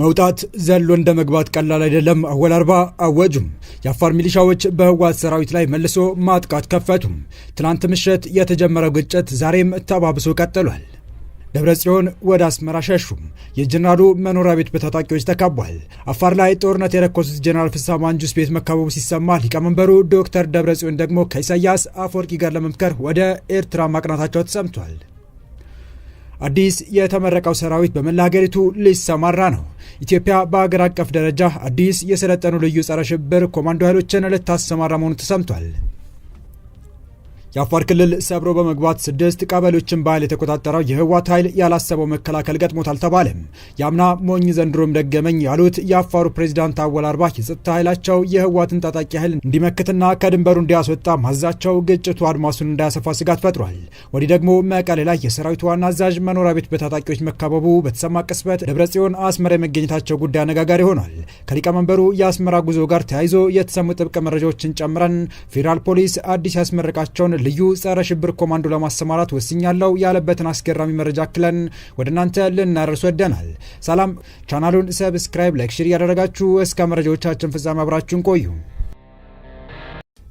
መውጣት ዘሎ እንደ መግባት ቀላል አይደለም። አወል አርባ አወጁም። የአፋር ሚሊሻዎች በህወሓት ሰራዊት ላይ መልሶ ማጥቃት ከፈቱም። ትናንት ምሽት የተጀመረው ግጭት ዛሬም ተባብሶ ቀጥሏል። ደብረ ጽዮን ወደ አስመራ ሸሹ። የጀነራሉ መኖሪያ ቤት በታጣቂዎች ተካቧል። አፋር ላይ ጦርነት የለኮሱት ጀነራል ፍሳ ማንጁስ ቤት መካበቡ ሲሰማ ሊቀመንበሩ ዶክተር ደብረ ጽዮን ደግሞ ከኢሳያስ አፈወርቂ ጋር ለመምከር ወደ ኤርትራ ማቅናታቸው ተሰምቷል። አዲስ የተመረቀው ሰራዊት በመላ ሀገሪቱ ሊሰማራ ነው። ኢትዮጵያ በአገር አቀፍ ደረጃ አዲስ የሰለጠኑ ልዩ ጸረ ሽብር ኮማንዶ ኃይሎችን ልታሰማራ መሆኑ ተሰምቷል። የአፋር ክልል ሰብሮ በመግባት ስድስት ቀበሌዎችን በኃይል የተቆጣጠረው የህወሓት ኃይል ያላሰበው መከላከል ገጥሞታል ተባለ። የአምና ሞኝ ዘንድሮም ደገመኝ ያሉት የአፋሩ ፕሬዚዳንት አወል አርባ የጸጥታ ኃይላቸው የህወሓትን ታጣቂ ኃይል እንዲመክትና ከድንበሩ እንዲያስወጣ ማዛቸው ግጭቱ አድማሱን እንዳያሰፋ ስጋት ፈጥሯል። ወዲህ ደግሞ መቀሌ ላይ የሰራዊቱ ዋና አዛዥ መኖሪያ ቤት በታጣቂዎች መካበቡ በተሰማ ቅስበት ደብረጽዮን አስመራ የመገኘታቸው ጉዳይ አነጋጋሪ ሆኗል። ከሊቀመንበሩ የአስመራ ጉዞ ጋር ተያይዞ የተሰሙ ጥብቅ መረጃዎችን ጨምረን ፌዴራል ፖሊስ አዲስ ያስመረቃቸውን ልዩ ጸረ ሽብር ኮማንዶ ለማሰማራት ወስኛለው ያለበትን አስገራሚ መረጃ አክለን ወደ እናንተ ልናደርስ ወደናል። ሰላም፣ ቻናሉን ሰብስክራይብ፣ ላይክ፣ ሼር እያደረጋችሁ እስከ መረጃዎቻችን ፍጻሜ አብራችሁን ቆዩ።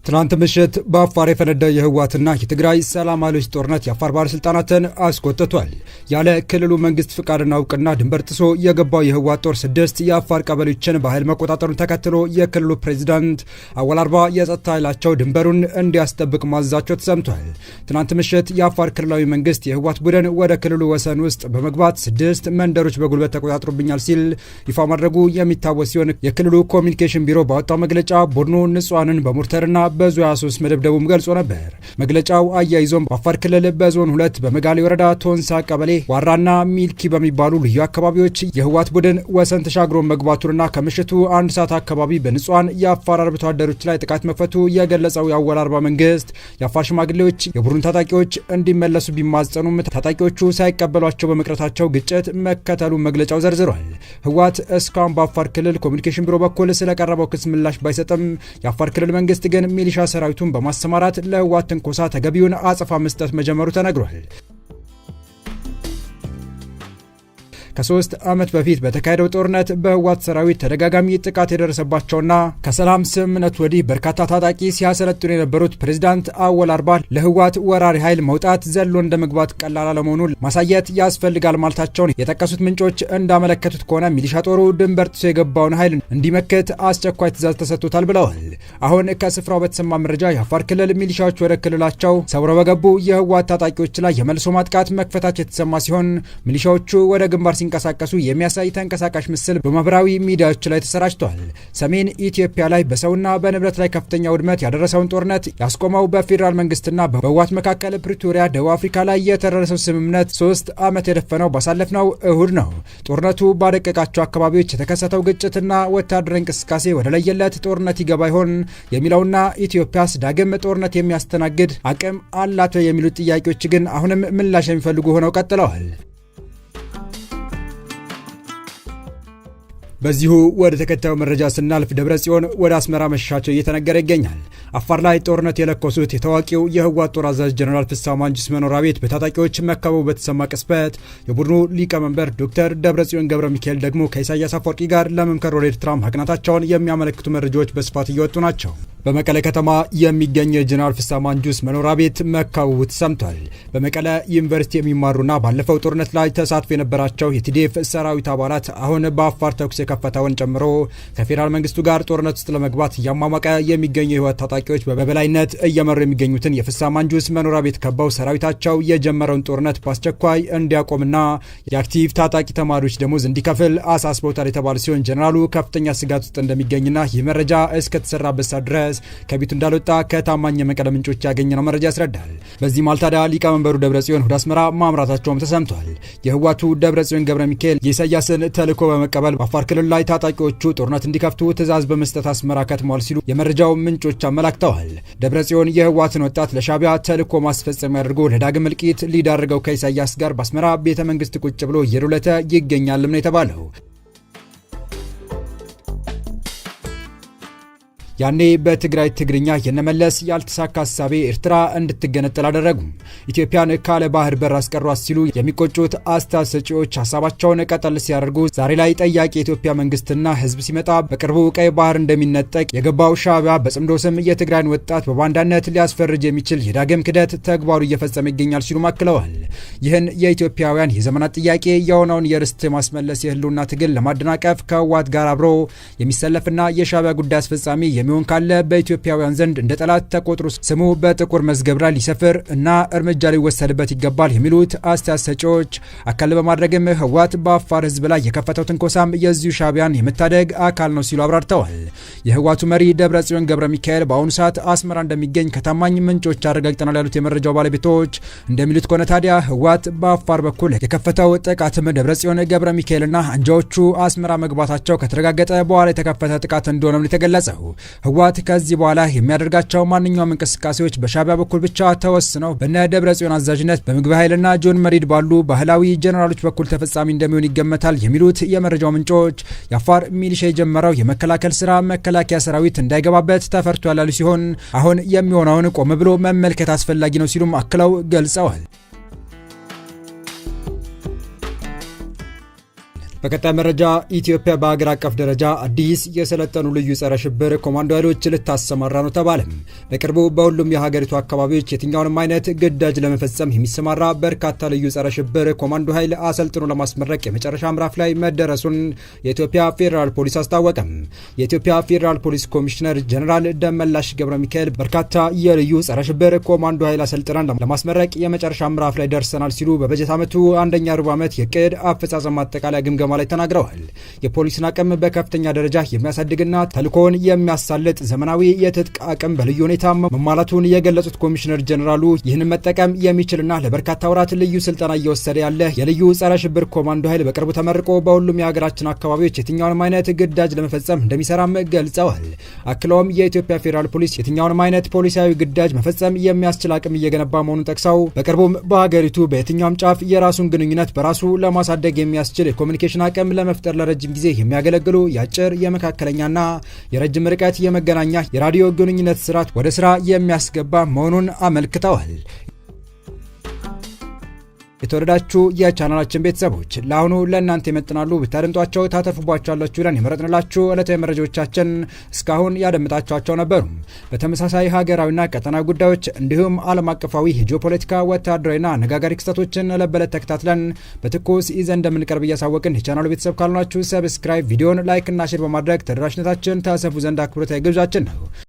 ትናንት ምሽት በአፋር የፈነዳ የህወሓትና የትግራይ ሰላም ኃይሎች ጦርነት የአፋር ባለሥልጣናትን አስቆጥቷል። ያለ ክልሉ መንግስት ፍቃድና እውቅና ድንበር ጥሶ የገባው የህወሓት ጦር ስድስት የአፋር ቀበሌዎችን በኃይል መቆጣጠሩን ተከትሎ የክልሉ ፕሬዚዳንት አወል አርባ የጸጥታ ኃይላቸው ድንበሩን እንዲያስጠብቅ ማዘዛቸው ተሰምቷል። ትናንት ምሽት የአፋር ክልላዊ መንግስት የህወሓት ቡድን ወደ ክልሉ ወሰን ውስጥ በመግባት ስድስት መንደሮች በጉልበት ተቆጣጥሮብኛል ሲል ይፋ ማድረጉ የሚታወስ ሲሆን የክልሉ ኮሚኒኬሽን ቢሮ ባወጣው መግለጫ ቡድኑ ንጹሐንን በሞርተርና በዙ 23 መደብደቡም ገልጾ ነበር። መግለጫው አያይዞም በአፋር ክልል በዞን ሁለት በመጋሌ ወረዳ ቶንሳ ቀበሌ ዋራና ሚልኪ በሚባሉ ልዩ አካባቢዎች የህወሓት ቡድን ወሰን ተሻግሮ መግባቱንና ከምሽቱ አንድ ሰዓት አካባቢ በንጹሐን የአፋር አርብቶ አደሮች ላይ ጥቃት መክፈቱ የገለጸው የአወል አርባ መንግስት የአፋር ሽማግሌዎች የቡድን ታጣቂዎች እንዲመለሱ ቢማጸኑም ታጣቂዎቹ ሳይቀበሏቸው በመቅረታቸው ግጭት መከተሉ መግለጫው ዘርዝሯል። ህወሓት እስካሁን በአፋር ክልል ኮሚኒኬሽን ቢሮ በኩል ስለቀረበው ክስ ምላሽ ባይሰጥም የአፋር ክልል መንግስት ግን ሚሊሻ ሰራዊቱን በማሰማራት ለህወሓት ትንኮሳ ተገቢውን አጸፋ መስጠት መጀመሩ ተነግሯል። ከሶስት ዓመት በፊት በተካሄደው ጦርነት በህዋት ሰራዊት ተደጋጋሚ ጥቃት የደረሰባቸውና ከሰላም ስምምነት ወዲህ በርካታ ታጣቂ ሲያሰለጥኑ የነበሩት ፕሬዚዳንት አወል አርባ ለህዋት ወራሪ ኃይል መውጣት ዘሎ እንደ መግባት ቀላል አለመሆኑን ማሳየት ያስፈልጋል ማለታቸውን የጠቀሱት ምንጮች እንዳመለከቱት ከሆነ ሚሊሻ ጦሩ ድንበር ጥሶ የገባውን ኃይል እንዲመክት አስቸኳይ ትእዛዝ ተሰጥቶታል ብለዋል። አሁን ከስፍራው በተሰማ መረጃ የአፋር ክልል ሚሊሻዎች ወደ ክልላቸው ሰብረው በገቡ የህዋት ታጣቂዎች ላይ የመልሶ ማጥቃት መክፈታቸው የተሰማ ሲሆን ሚሊሻዎቹ ወደ ግንባር ሲንቀሳቀሱ የሚያሳይ ተንቀሳቃሽ ምስል በማህበራዊ ሚዲያዎች ላይ ተሰራጭቷል። ሰሜን ኢትዮጵያ ላይ በሰውና በንብረት ላይ ከፍተኛ ውድመት ያደረሰውን ጦርነት ያስቆመው በፌዴራል መንግስትና በህወሓት መካከል ፕሪቶሪያ፣ ደቡብ አፍሪካ ላይ የተደረሰው ስምምነት ሶስት ዓመት የደፈነው ባሳለፍነው እሁድ ነው። ጦርነቱ ባደቀቃቸው አካባቢዎች የተከሰተው ግጭትና ወታደራዊ እንቅስቃሴ ወደ ለየለት ጦርነት ይገባ ይሆን የሚለውና ኢትዮጵያስ ዳግም ጦርነት የሚያስተናግድ አቅም አላት የሚሉት ጥያቄዎች ግን አሁንም ምላሽ የሚፈልጉ ሆነው ቀጥለዋል። በዚሁ ወደ ተከታዩ መረጃ ስናልፍ ደብረ ጽዮን ወደ አስመራ መሸሻቸው እየተነገረ ይገኛል። አፋር ላይ ጦርነት የለኮሱት የታዋቂው የህወሓት ጦር አዛዥ ጀኔራል ፍስሐ መኖሪያ ቤት በታጣቂዎች መከበቡ በተሰማ ቅስበት የቡድኑ ሊቀመንበር ዶክተር ደብረጽዮን ገብረ ሚካኤል ደግሞ ከኢሳያስ አፈወርቂ ጋር ለመምከር ወደ ኤርትራ ማቅናታቸውን የሚያመለክቱ መረጃዎች በስፋት እየወጡ ናቸው። በመቀለ ከተማ የሚገኘው የጀኔራል ፍሳ ማንጁስ መኖሪያ ቤት መከበቡ ተሰምቷል። በመቀለ ዩኒቨርሲቲ የሚማሩና ባለፈው ጦርነት ላይ ተሳትፎ የነበራቸው የቲዲኤፍ ሰራዊት አባላት አሁን በአፋር ተኩስ የከፈተውን ጨምሮ ከፌዴራል መንግስቱ ጋር ጦርነት ውስጥ ለመግባት እያሟሟቀ የሚገኘው የህወሓት ታጣቂ ታጣቂዎች በበላይነት እየመሩ የሚገኙትን የፍሳ ማንጁስ መኖሪያ ቤት ከበው ሰራዊታቸው የጀመረውን ጦርነት በአስቸኳይ እንዲያቆምና የአክቲቭ ታጣቂ ተማሪዎች ደሞዝ እንዲከፍል አሳስበውታል የተባሉ ሲሆን ጀኔራሉ ከፍተኛ ስጋት ውስጥ እንደሚገኝና ይህ መረጃ እስከተሰራበት ሰዓት ድረስ ከቤቱ እንዳልወጣ ከታማኝ የመቀለ ምንጮች ያገኘነው መረጃ ያስረዳል። በዚህም አልታዳ ሊቀመንበሩ ደብረ ጽዮን ወደ አስመራ ማምራታቸውም ተሰምቷል። የህዋቱ ጽዮን ገብረ ሚካኤል የኢሳያስን ተልዕኮ በመቀበል በአፋር ክልል ላይ ታጣቂዎቹ ጦርነት እንዲከፍቱ ትእዛዝ በመስጠት አስመራ ከትሟል ሲሉ የመረጃው ምንጮች አመላክ አመላክተዋል። ደብረ ጽዮን የህወሓትን ወጣት ለሻቢያ ተልኮ ማስፈጸሚያ አድርጎ ለዳግም እልቂት ሊዳርገው ከኢሳያስ ጋር በአስመራ ቤተ መንግስት ቁጭ ብሎ እየሩለተ ይገኛልም ነው የተባለው። ያኔ በትግራይ ትግርኛ የነመለስ ያልተሳካ ሀሳቤ ኤርትራ እንድትገነጠል አደረጉ፣ ኢትዮጵያን ካለ ባህር በር አስቀሯት ሲሉ የሚቆጩት አስተያየት ሰጪዎች ሀሳባቸውን ቀጠል ሲያደርጉ ዛሬ ላይ ጠያቂ የኢትዮጵያ መንግስትና ህዝብ ሲመጣ በቅርቡ ቀይ ባህር እንደሚነጠቅ የገባው ሻዕቢያ በጽምዶ ስም የትግራይን ወጣት በባንዳነት ሊያስፈርጅ የሚችል የዳግም ክደት ተግባሩ እየፈጸመ ይገኛል ሲሉ አክለዋል። ይህን የኢትዮጵያውያን የዘመናት ጥያቄ የሆነውን የርስት ማስመለስ የህልውና ትግል ለማደናቀፍ ከህወሓት ጋር አብሮ የሚሰለፍና የሻዕቢያ ጉዳይ አስፈጻሚ የሚሆን ካለ በኢትዮጵያውያን ዘንድ እንደ ጠላት ተቆጥሮ ስሙ በጥቁር መዝገብ ላይ ሊሰፍር እና እርምጃ ሊወሰድበት ይገባል የሚሉት አስተያየት ሰጪዎች አካል በማድረግም ህወሓት በአፋር ህዝብ ላይ የከፈተው ትንኮሳም የዚሁ ሻቢያን የመታደግ አካል ነው ሲሉ አብራርተዋል። የህወሓቱ መሪ ደብረ ጽዮን ገብረ ሚካኤል በአሁኑ ሰዓት አስመራ እንደሚገኝ ከታማኝ ምንጮች አረጋግጠናል ያሉት የመረጃው ባለቤቶች እንደሚሉት ከሆነ ታዲያ ህወሓት በአፋር በኩል የከፈተው ጥቃትም ደብረ ጽዮን ገብረ ሚካኤልና አንጃዎቹ አስመራ መግባታቸው ከተረጋገጠ በኋላ የተከፈተ ጥቃት እንደሆነም የተገለጸው ህወሓት ከዚህ በኋላ የሚያደርጋቸው ማንኛውም እንቅስቃሴዎች በሻቢያ በኩል ብቻ ተወስነው በነ ደብረ ጽዮን አዛዥነት በምግብ ኃይልና ጆን መሪድ ባሉ ባህላዊ ጀኔራሎች በኩል ተፈጻሚ እንደሚሆን ይገመታል የሚሉት የመረጃው ምንጮች የአፋር ሚሊሻ የጀመረው የመከላከል ስራ መከላከያ ሰራዊት እንዳይገባበት ተፈርቶ ያላሉ ሲሆን አሁን የሚሆነውን ቆም ብሎ መመልከት አስፈላጊ ነው ሲሉም አክለው ገልጸዋል። በቀጣይ መረጃ ኢትዮጵያ በሀገር አቀፍ ደረጃ አዲስ የሰለጠኑ ልዩ ጸረ ሽብር ኮማንዶ ኃይሎች ልታሰማራ ነው ተባለ። በቅርቡ በሁሉም የሀገሪቱ አካባቢዎች የትኛውንም አይነት ግዳጅ ለመፈጸም የሚሰማራ በርካታ ልዩ ጸረ ሽብር ኮማንዶ ኃይል አሰልጥኖ ለማስመረቅ የመጨረሻ ምዕራፍ ላይ መደረሱን የኢትዮጵያ ፌዴራል ፖሊስ አስታወቀም። የኢትዮጵያ ፌዴራል ፖሊስ ኮሚሽነር ጀኔራል ደመላሽ ገብረ ሚካኤል በርካታ የልዩ ጸረ ሽብር ኮማንዶ ኃይል አሰልጥነን ለማስመረቅ የመጨረሻ ምዕራፍ ላይ ደርሰናል ሲሉ በበጀት ዓመቱ አንደኛ ሩብ ዓመት የቅድ አፈጻጸም አጠቃላይ ግምገማ ላይ ተናግረዋል። የፖሊስን አቅም በከፍተኛ ደረጃ የሚያሳድግና ተልኮውን የሚያሳልጥ ዘመናዊ የትጥቅ አቅም በልዩ ሁኔታ መሟላቱን የገለጹት ኮሚሽነር ጀኔራሉ ይህንን መጠቀም የሚችልና ለበርካታ ወራት ልዩ ስልጠና እየወሰደ ያለ የልዩ ጸረ ሽብር ኮማንዶ ኃይል በቅርቡ ተመርቆ በሁሉም የሀገራችን አካባቢዎች የትኛውንም አይነት ግዳጅ ለመፈጸም እንደሚሰራም ገልጸዋል። አክለውም የኢትዮጵያ ፌዴራል ፖሊስ የትኛውንም አይነት ፖሊሲያዊ ግዳጅ መፈጸም የሚያስችል አቅም እየገነባ መሆኑን ጠቅሰው በቅርቡም በሀገሪቱ በየትኛውም ጫፍ የራሱን ግንኙነት በራሱ ለማሳደግ የሚያስችል የኮሚኒኬሽን አቅም ለመፍጠር ለረጅም ጊዜ የሚያገለግሉ የአጭር የመካከለኛና የረጅም ርቀት የመገናኛ የራዲዮ ግንኙነት ስርዓት ወደ ስራ የሚያስገባ መሆኑን አመልክተዋል። የተወደዳችሁ የቻናላችን ቤተሰቦች ለአሁኑ ለእናንተ ይመጥናሉ ብታደምጧቸው ታተርፉባቸዋላችሁ ብለን የመረጥንላችሁ ዕለታዊ መረጃዎቻችን እስካሁን ያደምጣችኋቸው ነበሩ። በተመሳሳይ ሀገራዊና ቀጠና ጉዳዮች እንዲሁም ዓለም አቀፋዊ የጂኦፖለቲካ ወታደራዊና አነጋጋሪ ክስተቶችን ዕለት በዕለት ተከታትለን በትኩስ ይዘን እንደምንቀርብ እያሳወቅን የቻናሉ ቤተሰብ ካልሆናችሁ ሰብስክራይብ፣ ቪዲዮን ላይክ እና ሼር በማድረግ ተደራሽነታችን ተሰፉ ዘንድ አክብሮታዊ ግብዣችን ነው።